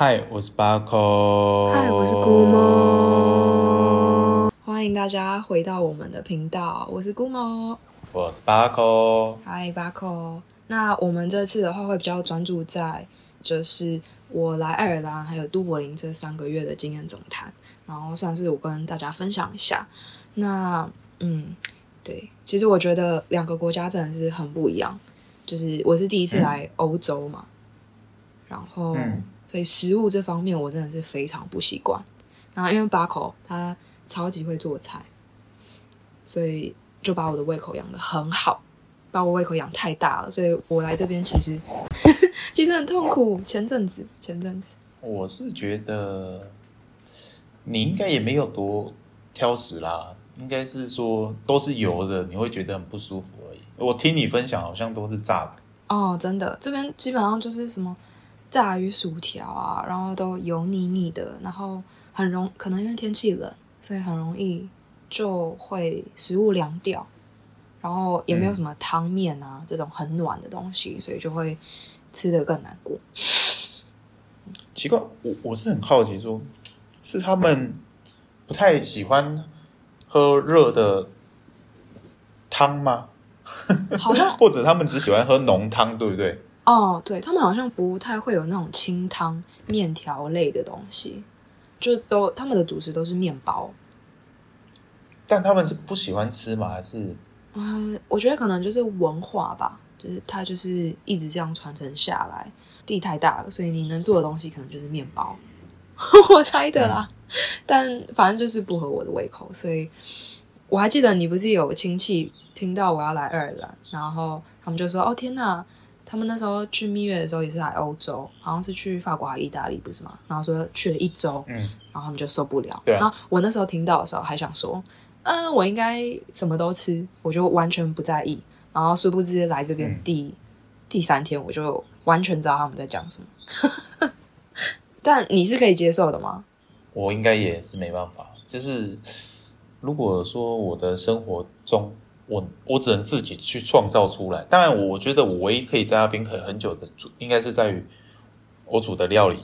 嗨，Hi, 我是巴克。a r k 嗨，我是 Gumo。歡迎大家回到我們的頻道。我是 Gumo。我是巴克。嗨，巴克。那我們這次的話會比較專注在，就是我來愛爾蘭還有都柏林這三個月的經驗總談，然後算是我跟大家分享一下。那嗯，對，其實我覺得兩個國家真的是很不一樣。就是我是第一次來歐洲嘛，嗯、然後。嗯所以食物這方面，我真的是非常不習慣。然後、啊、因為巴口他超級會做菜，所以就把我的胃口養得很好，把我胃口養太大了。所以我來這邊其實呵呵其實很痛苦。前陣子，前陣子，我是覺得你應該也沒有多挑食啦，應該是說都是油的，你會覺得很不舒服而已。我聽你分享，好像都是炸的哦，真的，這邊基本上就是什麼。炸魚薯條啊，然後都油膩膩的，然後很容易可能因為天氣冷，所以很容易就會食物涼掉，然後也沒有什麼湯麵啊、嗯、這種很暖的東西，所以就會吃得更難過。奇怪，我我是很好奇說，說是他們不太喜歡喝熱的湯嗎？好像、啊、 或者他們只喜歡喝濃湯，對不對？哦，對，他們好像不太會有那種清湯麵條類的東西，就都他們的主食都是麵包。但他們是不喜歡吃嗎？還是啊、呃，我覺得可能就是文化吧，就是他就是一直這樣傳承下來。地太大了，所以你能做的東西可能就是麵包。 我猜的啦，對但反正就是不合我的胃口。所以我還記得你不是有親戚聽到我要來愛爾蘭，然後他們就說：“哦，天哪！”他們那時候去蜜月的時候也是來歐洲，好像是去法國還是意大利，不是嗎？然後說去了一週，嗯，然後他們就受不了。對啊、然後我那時候聽到的時候，還想說，嗯、呃，我應該什麼都吃，我就完全不在意。然後殊不知，來這邊第、嗯、第三天，我就完全知道他們在講什麼。 但你是可以接受的嗎？我應該也是沒辦法，就是如果說我的生活中。我我只能自己去創造出來。當然，我覺得我唯一可以在那邊很很久的，應該是在於我煮的料理，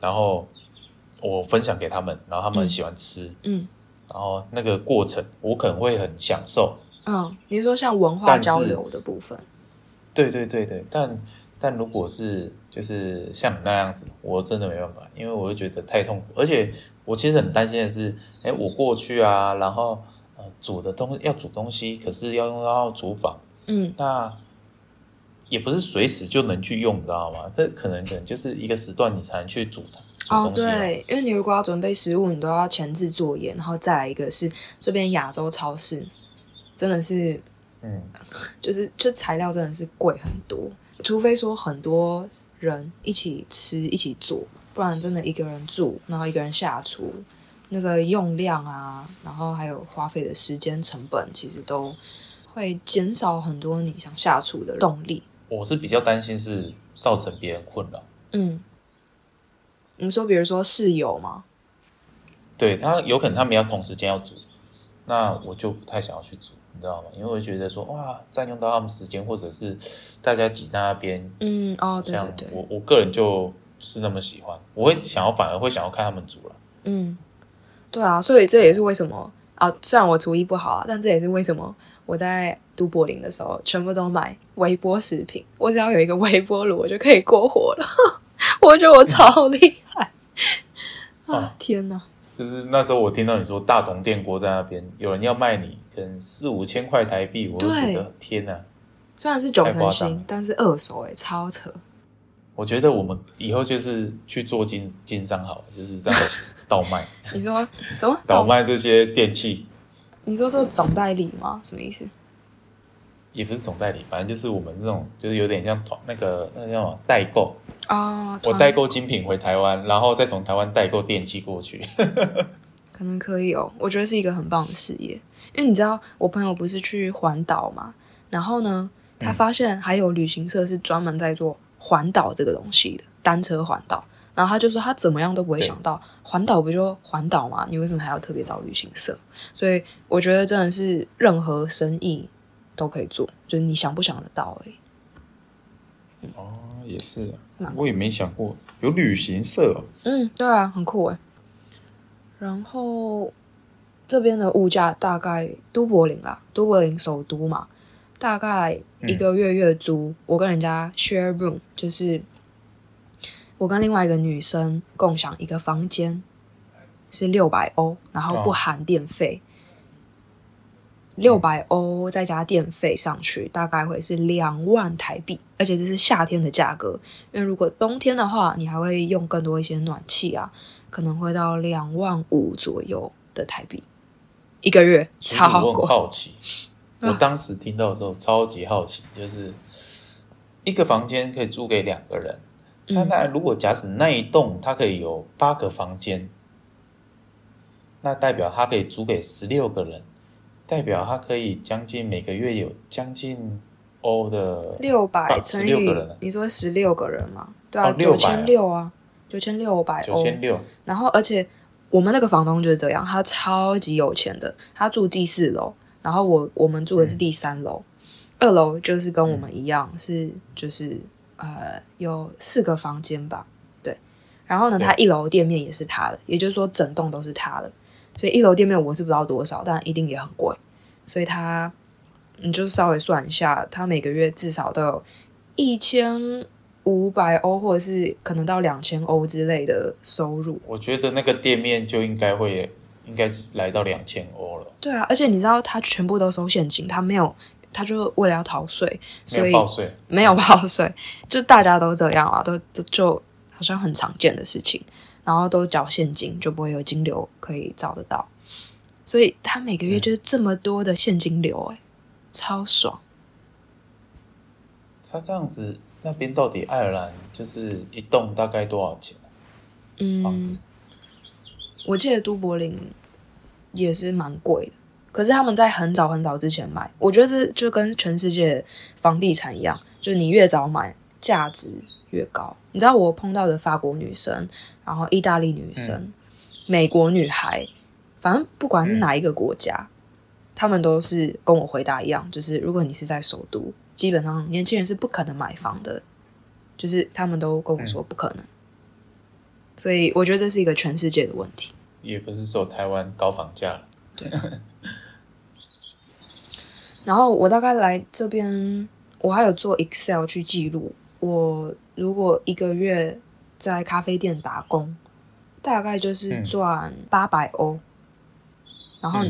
然後我分享給他們，然後他們很喜歡吃。嗯，嗯，然後那個過程我可能會很享受。嗯，你說像文化交流的部分，對對對對。但但如果是就是像你那樣子，我真的沒辦法，因為我會覺得太痛苦。而且我其實很擔心的是，哎、欸，我過去啊，然後。煮的東西要煮東西，可是要用到廚房，嗯，那也不是隨時就能去用，你知道嗎？這可能可能就是一個時段你才能去煮它，煮。哦，對，因為你如果要準備食物，你都要前置作業，然後再來一個是這邊亞洲超市真的是，嗯，就是這材料真的是貴很多，除非說很多人一起吃一起做，不然真的一個人住，然後一個人下廚。那個用量啊，然後還有花費的時間成本，其實都會減少很多。你想下廚的動力，我是比較擔心是造成別人困擾。嗯，你說，比如說室友嗎？對，他有可能他們要同時間要煮，嗯、那我就不太想要去煮，你知道嗎？因為我覺得說哇，占用到他們時間，或者是大家擠在那邊，嗯哦，對對對，像我我個人就不是那麼喜歡，我會想要反而會想要看他們煮了，嗯。對啊，所以這也是為什麼啊。雖然我廚藝不好啊，但這也是為什麼我在都柏林的時候全部都買微波食品。我只要有一個微波爐，我就可以過火了。 我覺得我超厲害、嗯、啊！天哪，就是那時候我聽到你說大同電鍋在那邊有人要賣你，可能四五千塊台幣，我就覺得對天哪！雖然是九成新，但是二手誒、欸、超扯。我覺得我們以後就是去做經經商好了，就是這樣倒賣。 你說什麼？倒,倒賣這些電器？你說做總代理嗎？什麼意思？也不是總代理，反正就是我們這種，就是有點像團那個那個叫什麼？代購哦，oh, 我代購精品回台灣，然後再從台灣代購電器過去。 可能可以哦，我覺得是一個很棒的事業，因為你知道我朋友不是去環島嘛，然後呢，他發現還有旅行社是專門在做、嗯。環島這個東西的單車環島，然後他就說他怎麼樣都不會想到環島，不就環島嗎？你為什麼還要特別找旅行社？所以我覺得真的是任何生意都可以做，就是你想不想得到欸。哦，也是啊，我也沒想過有旅行社。嗯，對啊，很酷欸。然後這邊的物價大概，都柏林啦，都柏林首都嘛。大概一個月月租，嗯、我跟人家 share room，就是我跟另外一個女生共享一個房間，是六百歐，然後不含電費，六百歐再加電費上去，嗯、大概會是兩萬台幣，而且這是夏天的價格，因為如果冬天的話，你還會用更多一些暖氣啊，可能會到兩萬五左右的台幣，一個月超貴，好奇。我當時聽到的時候超級好奇，啊、就是一個房間可以租給兩個人，那那、嗯、如果假使那一棟它可以有八個房間，那代表他可以租給十六個人，代表他可以將近每個月有將近歐的六百乘以你說十六個人嘛，對啊，九千六啊，九千六百歐，九千六。然後而且我們那個房東就是這樣，他超級有錢的，他住第四樓。然後我我們住的是第三樓，嗯、二樓就是跟我們一樣，嗯、是就是呃有四個房間吧，對。然後呢，對他一樓店面也是他的，也就是說整棟都是他的，所以一樓店面我是不知道多少，但一定也很貴。所以他你就稍微算一下，他每個月至少都有一千五百歐，或者是可能到兩千歐之類的收入。我覺得那個店面就應該會。應該是來到兩千歐了。對啊，而且你知道他全部都收現金，他沒有，他就為了要逃稅，所以沒有報稅，嗯，沒有報稅，就大家都這樣啊，都就，就好像很常見的事情，然後都繳現金，就不會有金流可以找得到，所以他每個月就是這麼多的現金流，欸，嗯、超爽。他這樣子那邊到底愛爾蘭就是一棟大概多少錢？嗯，房子，我記得都柏林。也是蠻貴的，可是他們在很早很早之前買，我覺得是就跟全世界房地產一樣，就是你越早買，價值越高。你知道我碰到的法國女生，然後意大利女生，嗯、美國女孩，反正不管是哪一個國家，嗯、他們都是跟我回答一樣，就是如果你是在首都，基本上年輕人是不可能買房的，就是他們都跟我說不可能。嗯、所以我覺得這是一個全世界的問題。也不是說台灣高房價了。對。 然後我大概來這邊，我還有做 Excel 去記錄。我如果一個月在咖啡店打工，大概就是賺八百歐。嗯、然後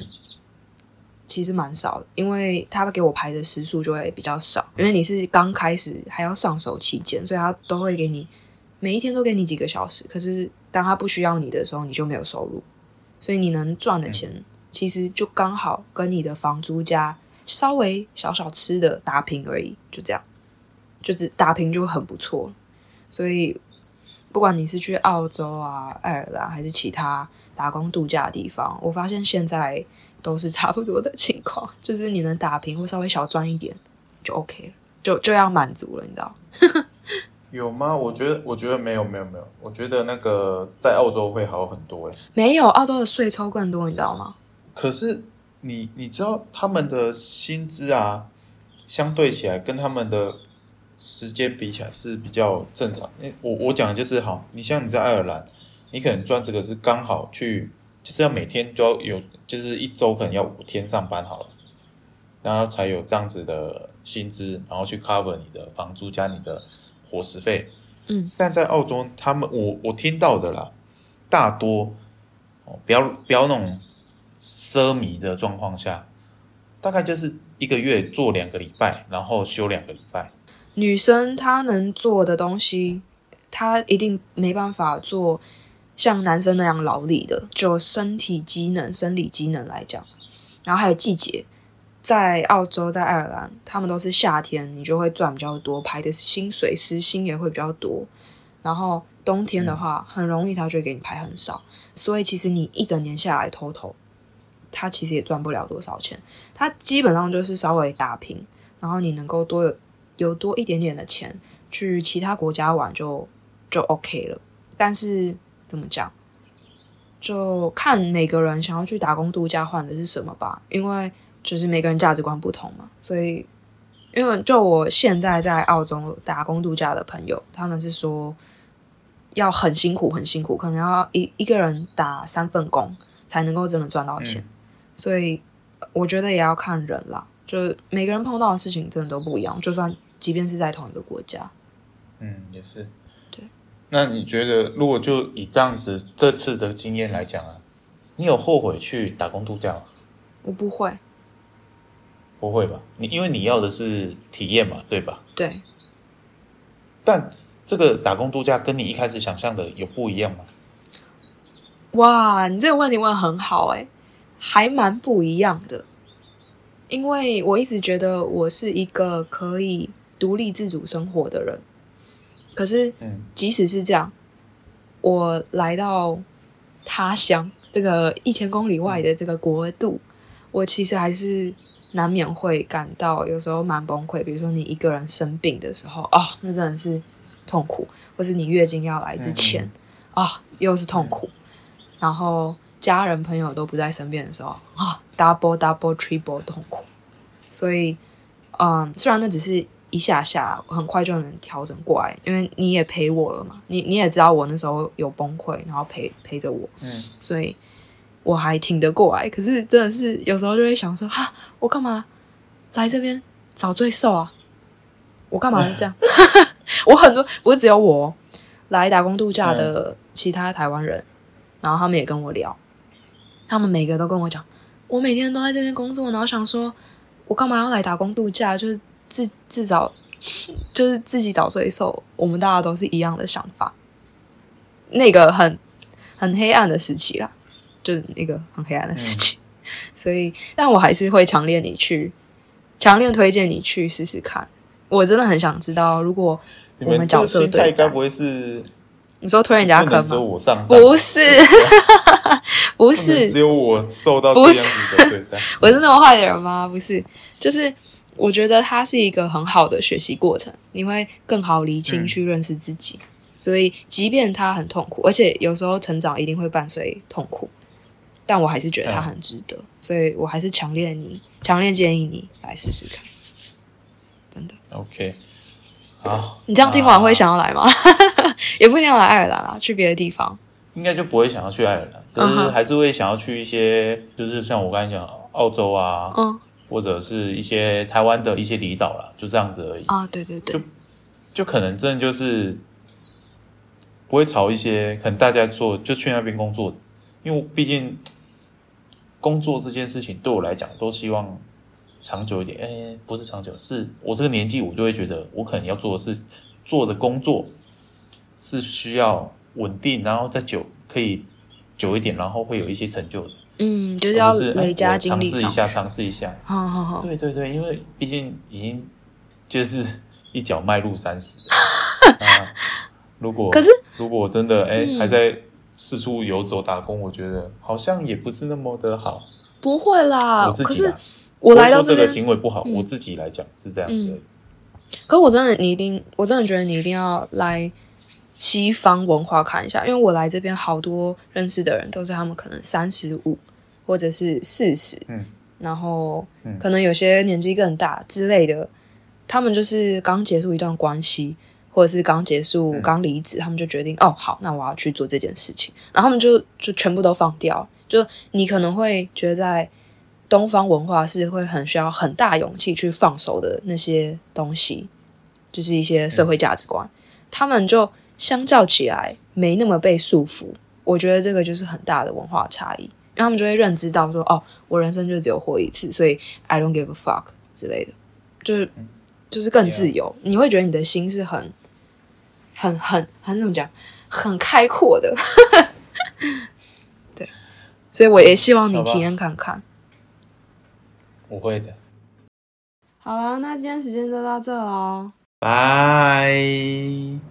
其實蠻少的，因為他給我排的時數就會比較少，因為你是剛開始還要上手期間，所以他都會給你。每一天都給你幾個小時，可是當他不需要你的時候，你就沒有收入，所以你能賺的錢其實就剛好跟你的房租加稍微小小吃的打平而已，就這樣，就是打平就很不錯。所以不管你是去澳洲啊、愛爾蘭還是其他打工度假的地方，我發現現在都是差不多的情況，就是你能打平或稍微小賺一點就 OK 了，就就要滿足了，你知道。 有嗎？我覺得，我覺得沒有，沒有，沒有。我覺得那個在澳洲會好很多誒。沒有，澳洲的稅超更多，你知道嗎？可是你你知道他們的薪資啊，相對起來跟他們的時間比起來是比較正常。我我講的就是好，你像你在愛爾蘭，你可能賺這個是剛好去，就是要每天都要有，就是一周可能要五天上班好了，然後才有這樣子的薪資，然後去 cover 你的房租加你的。伙食費，嗯，但在澳洲，他們我我聽到的啦，大多哦，不要不要那種奢靡的狀況下，大概就是一個月做兩個禮拜，然後休兩個禮拜。女生她能做的東西，她一定沒辦法做像男生那樣勞力的，就身體機能、生理機能來講，然後還有季節。在澳洲，在愛爾蘭，他們都是夏天，你就會賺比較多，排的薪水、時薪也會比較多。然後冬天的話，很容易他就給你排很少，所以其實你一整年下來，偷偷他其實也賺不了多少錢。他基本上就是稍微打拼，然後你能夠多有有多一點點的錢去其他國家玩就，就就 OK 了。但是怎麼講，就看哪個人想要去打工度假換的是什麼吧，因為。就是每個人價值觀不同嘛，所以因為就我現在在澳洲打工度假的朋友，他們是說要很辛苦，很辛苦，可能要一一個人打三份工才能夠真的賺到錢，嗯，所以我覺得也要看人啦，就每個人碰到的事情真的都不一樣，就算即便是在同一個國家，嗯，也是對。那你覺得，如果就以這樣子這次的經驗來講啊，你有後悔去打工度假嗎？我不會。不會吧？你因為你要的是體驗嘛，對吧？對。但這個打工度假跟你一開始想象的有不一樣嗎？哇，你這個問題問得很好哎、欸，還蠻不一樣的。因為我一直覺得我是一個可以獨立自主生活的人，可是，即使是這樣，嗯、我來到他鄉這個一千公里外的這個國度，嗯、我其實還是。難免會感到有時候蠻崩潰，比如說你一個人生病的時候，啊，那真的是痛苦，或是你月經要來之前，嗯，啊，又是痛苦。嗯，然後家人朋友都不在身邊的時候，啊，double double triple 痛苦。所以，嗯，雖然那只是一下下，很快就能調整過來，因為你也陪我了嘛，你你也知道我那時候有崩潰，然後陪陪着我，嗯，所以。我還挺得過來，可是真的是有時候就會想說，哈，我幹嘛來這邊找罪受啊？我幹嘛是這樣？哈哈、嗯， 我很多不是只有我來打工度假的其他台灣人，嗯、然後他們也跟我聊，他們每個都跟我講，我每天都在這邊工作，然後想說，我幹嘛要來打工度假？就是自自找，就是自己找罪受。我們大家都是一樣的想法，那個很很黑暗的時期啦。就是那個很黑暗的事情，嗯、所以，但我還是會強烈你去，強烈推薦你去試試看。我真的很想知道，如果我們角色你們教社對，該不會是你說推人家可不能不是，吧 不是，只有我受到這樣子的對待？不是 我是那麼壞的人嗎？不是，就是我覺得他是一個很好的學習過程，你會更好釐清去認識自己。嗯、所以，即便他很痛苦，而且有時候成長一定會伴隨痛苦。但我還是覺得它很值得，嗯、所以我還是強烈你強烈建議你來試試看，真的。OK，好你這樣聽完會想要來嗎？啊、 也不一定要來愛爾蘭啊，去別的地方應該就不會想要去愛爾蘭，但是還是會想要去一些，嗯、哈就是像我剛才講澳洲啊，嗯，或者是一些台灣的一些離島啦，就這樣子而已啊。對對對就，就可能真的就是不會朝一些可能大家做就去那邊工作，因為畢竟。工作這件事情對我來講都希望長久一點，哎、欸，不是長久，是我這個年紀，我就會覺得我可能要做的是做的工作是需要穩定，然後再久可以久一點，然後會有一些成就的。嗯，就是要嘗試、欸、一下，嘗試一下。好好好，對對對，因為畢竟已經就是一腳邁入三十了、 啊。如果可是如果真的哎、欸、嗯、還在。四處遊走打工，我覺得好像也不是那麼的好。不會啦，啊、可是我來到這邊，這個行為不好，嗯、我自己來講是這樣子。嗯、可是我真的，你一定，我真的覺得你一定要來西方文化看一下，因為我來這邊好多認識的人都是他們可能三十五或者是四十、嗯，然後可能有些年紀更大之類的，嗯、他們就是剛結束一段關係。或者是剛結束、嗯、剛離職，他們就決定哦，好，那我要去做這件事情。然後他們就就全部都放掉。就你可能會覺得，在東方文化是會很需要很大勇氣去放手的那些東西，就是一些社會價值觀。嗯、他們就相較起來沒那麼被束縛。我覺得這個就是很大的文化差異，然後他們就會認知到說，哦，我人生就只有活一次，所以 I don't give a fuck 之類的，就是就是更自由。嗯、你會覺得你的心是很。很很很怎麼講？很開闊的， 對，所以我也希望你體驗看看。我會的。好啦，那今天時間就到這嘍，拜。